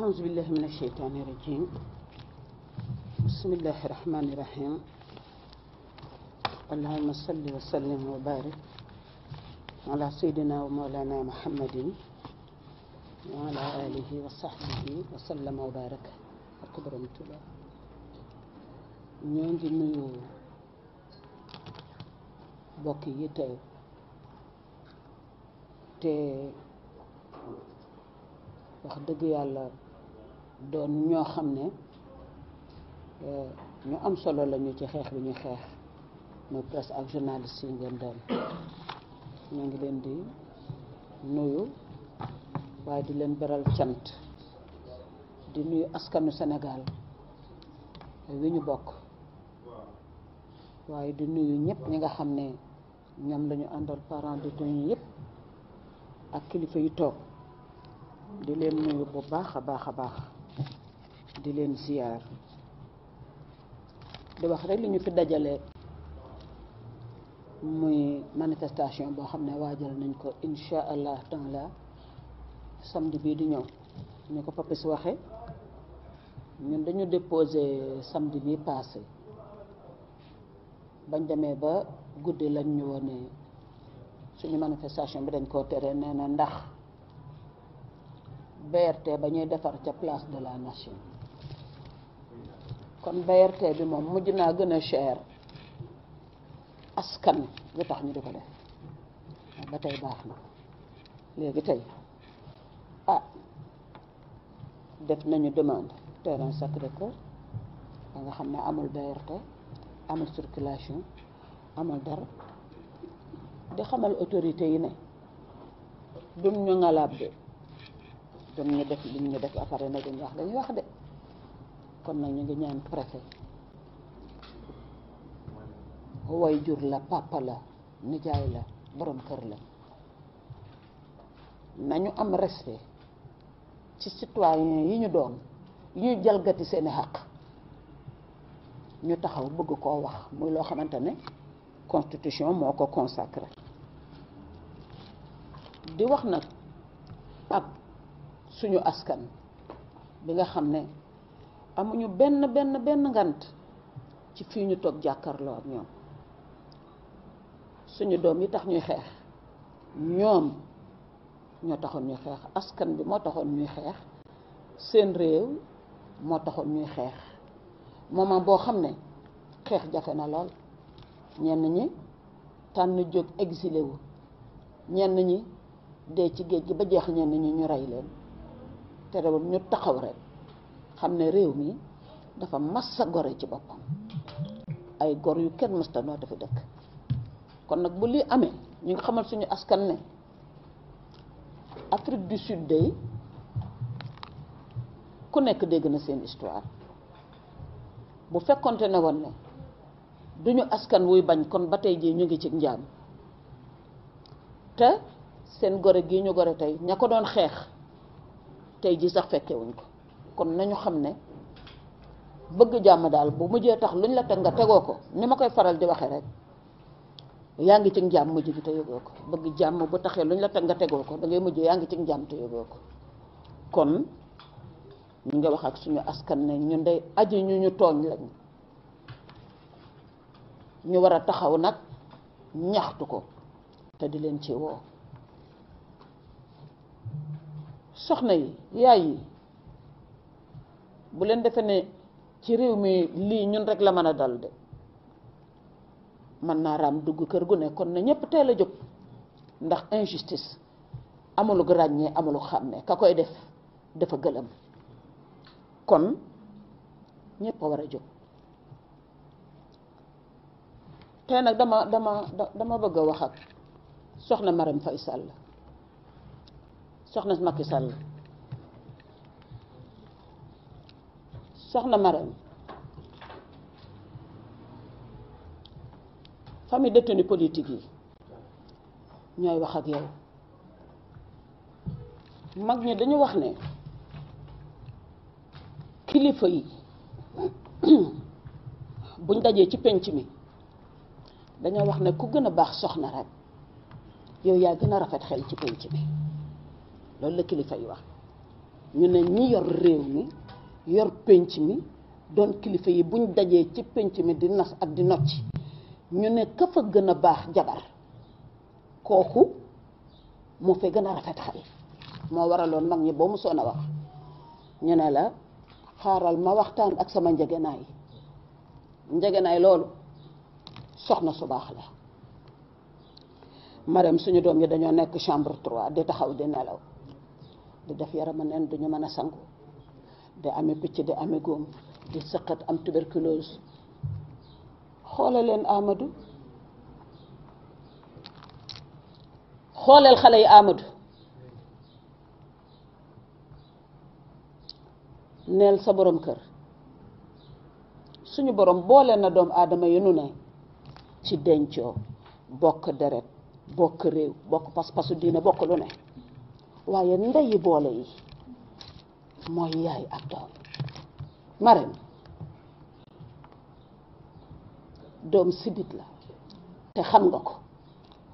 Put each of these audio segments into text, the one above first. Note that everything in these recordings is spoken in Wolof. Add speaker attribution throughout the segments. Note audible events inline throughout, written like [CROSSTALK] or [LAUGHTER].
Speaker 1: أعوذ بالله من الشيطان الرجيم بسم الله الرحمن الرحيم اللهم صل وسلم وبارك على سيدنا ومولانا محمد وعلى آله وصحبه وسلم وبارك أكبرمت الله ñoo ngi nuyu bokk yi teew te wax dëgg yàlla doon ñoo xam ne euh, ñu am solo lañu ci xeex bi ñu xeex mooy presse ak journaliste yi ngeen doon ñu ngi leen di nuyu waaye di leen beral cant di nuyu askanu Sénégal wi ñu bokk waaye di nuyu ñëpp ñi nga xam ne ñoom lañu àndal parents di nuyu yëpp ak kilifa yi toog di leen nuyu bu baax a baax a baax di leen ziar di wax rek lu ñu fi dajale muy manifestation boo xam ne waajal nañ ko incha allah la samedi bii di ñëw ñu ko papis waxee ñun dañu déposé samedi bi passé bañ demee ba guddi lañ ñu wone suñu manifestation bi dañ koo teree nee na ndax BRT ba ñuy defar ca place de la nation kon BRT bi moom mujj naa gën a cher askan lu tax ñu di ko def ah, ba tey baax na léegi tey ah def nañu demande terrain Sacré-Cœur ba nga xam ne amul BRT amul circulation amul dara di xamal autorité yi ne duñ ñu ngalaab de duñ ñu def liñ ñu def apare na duñ wax dañuy wax de kon nag ñu ngi ñaan préfet way jur la papa la nijaay la borom kër la nañu am respect ci citoyen yi ñu doon yi ñu jalgati seeni xaq ñu taxaw bëgg koo wax muy loo xamante ne constitution moo ko consacré di wax nag ak suñu askan bi nga xam ne amuñu benn benn benn ngant ci fii ñu toog jàkkarloo ak ñoom suñu doom yi tax ñuy xeex ñoom ñoo taxoon ñuy xeex askan bi moo taxoon ñuy xeex seen réew moo taxoon ñuy xeex moment boo xam ne xeex jafe na lool ñenn ñi tànn jóg exilé wu ñenn ñi dee ci géej gi ba jeex ñenn ñi ñu rey leen terewul ñu taxaw rek xam ne réew mi dafa massa gore ci boppam ay gor yu kenn mësta noo dafa dëkk kon nag bu lii amee ñu ngi xamal suñu askan ne Afrique du Sud day ku nekk dégg na seen histoire bu fekkonte ne woon ne duñu askan wuy bañ kon ba tey ji ñu ngi ci njaam te seen gore gi ñu gore tey ña ko doon xeex tey jii sax fekkewuñ ko kon nañu xam ne bëgg jàmm daal bu mujjee tax luñ la teg nga tegoo ko ni ma koy faral di waxee rek yaa ngi ci jàmm mujj bi te yëgoo ko bëgg jàmm bu taxee luñ la teg nga tegoo ko dangay ngay mujj yaa ngi ci jàmm te yëgoo ko kon ñu ngi wax ak suñu askan ne ñun day aji ñu ñu tooñ lañ ñu war a taxaw nag ñaxtu ko te di leen ci woo soxna yi yaay yi bu leen defee ne ci réew mi lii ñun rek la mën a dal de mën naa raam dugg kër gu ne kon na ñëpp teel a jóg ndax injustice amulu ràññee xam ne ka koy def dafa gëlëm kon ñëpp a war a jóg tey nag dama dama dama bëgg a wax ak soxna Marème Faye Sall soxna Macky Sall soxna Marème famille détenu politique yi ñooy wax ak yow mag ñi dañu wax ne kilifa yi [CLEARS THROAT] buñ dajee ci penc mi dañoo wax ne ku gën a baax soxna rek yow yaa gën a rafet xel ci penc mi loolu la kilifa yi wax ñu ne ñi yor réew mi yor pénc mi doon kilifa yi buñ dajee ci pénc mi di nas ak di nocc ñu ne ka fa gën a baax jabar kooku mu fee gën a rafet xale moo waraloon mag ñi boo mu soon a wax ñu ne la xaaral ma waxtaan ak sama njegenaay njegenaay loolu soxna su baax la maram suñu doom yi dañoo nekk chambre 3 di taxaw di nelaw di def yarama neen duñu mën a sangu di amee picc di amee góom di sëqat am tuberculose xoole leen Amadou xooleel xale yi Amadou neel sa borom kër suñu borom boole na doom aadama yi nu ne ci dencoo bokk deret bokk réew bokk pas-pasu diina bokk lu ne waaye ndeyi boole yi mooy yaay ak doom Marème doom sibit la te xam nga ko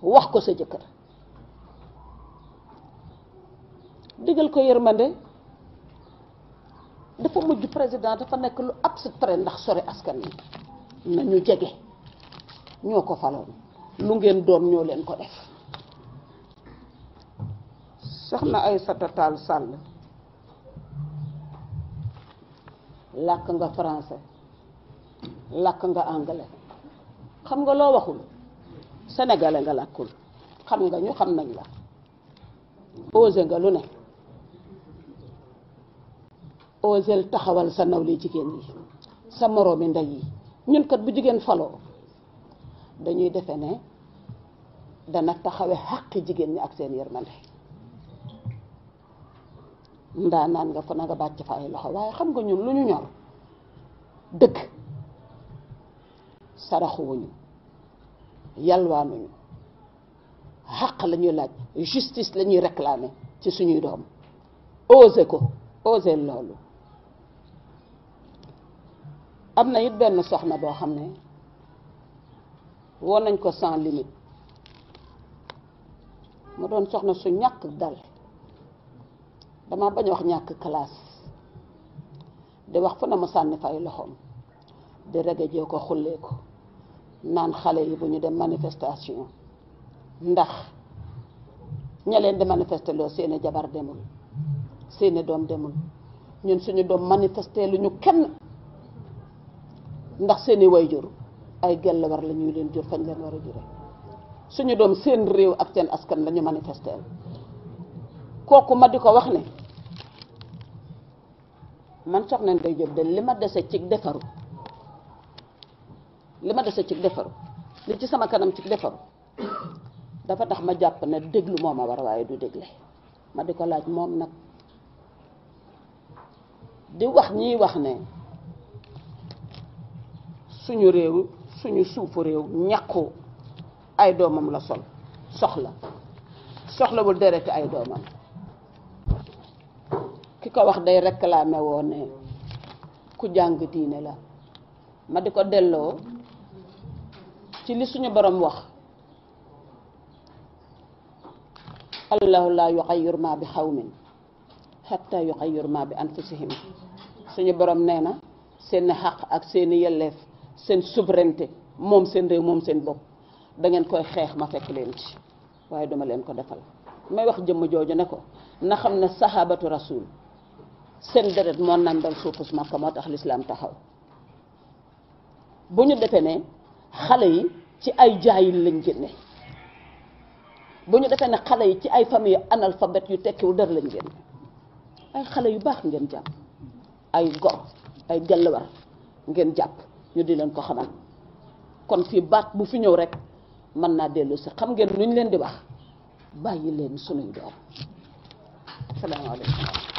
Speaker 1: wax ko sa jëkkër digal ko yërmande dafa mujj président dafa nekk lu abstrait ndax sore askan wi nañu jege ñoo ko faloon lu ngeen doon ñoo leen ko def soxna Aïssata Tall Sall làkk nga français làkk nga anglais xam nga loo waxul sénégalais nga làkkul xam nga ñu xam nañ la osé nga lu ne osel taxawal sa nawle jigéen yi sa moroomi ndey yi ñun kat bu jigéen faloo dañuy defe ne dana taxawe xàqi jigéen ñi ak seen yërmande ndaa naan nga ko na nga bàcc fa ay loxo waaye xam nga ñun lu ñu ñor dëgg saraxuwuñu yalwaanuñu xàq la laaj justice la ñuy réclamer ci suñuy doom osé ko osé loolu am na it benn soxna boo xam ne woon nañ ko sans limite mu doon soxna su ñàkk dal dama bañ a wax ñàkk classe di wax fu ne mu sànni fay loxoom di rege jee ko xullee ko naan xale yi bu ñu dem manifestation ndax ña leen di manifester loo seeni jabar demul seeni doom demul ñun suñu doom manifester lu ñu kenn ndax seeni jur ay gell war la ñuy leen jur fañ leen war a jure suñu doom seen réew ak seen askan la ñu manifester kooku ma di ko wax ne man soxna Ndeye Diop de li ma dese cig defaru li ma dese ci defaru li ci sama kanam ci defaru dafa tax ma jàpp ne déglu moo ma war waaye du dégle ma di ko laaj moom nag di wax ñiy wax ne suñu réew suñu suufu réew ñàkku ay doomam la sol soxla soxlawul dereti ay doomam ki ko wax day réclamé woo ne ku jàng diine la ma di ko delloo ci li suñu boroom wax allahu laa ay maa bi xaw xawmin xatta ay maa bi anfusihim suñu boroom nee na seen xaq ak seeni yelleef seen souveraineté moom seen réew moom seen bopp da ngeen koy xeex ma fekk leen ci waaye duma leen ko defal may wax jëmm jooju ne ko na xam ne sahabatu rasul seen deret moo naan nandal suufus Makka moo tax lislaam taxaw bu ñu defee ne xale yi ci ay jaayil lañ génne bu ñu defee ne xale yi ci ay famille analphabète yu tekkiwul dara lañ génne ay xale yu baax ngeen jàpp ay gor ay gellwar ngeen jàpp ñu di leen ko xamal kon fi baat bu fi ñëw rek mën naa dellu si xam ngeen lu ñu leen di wax bàyyi leen sunuy doom salaamaaleykum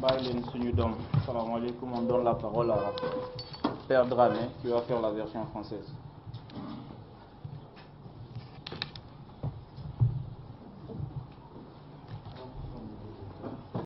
Speaker 1: bàyyi leen suñu doom salaamaaleykum on donne la parole à Père Dramé qui va faire la version française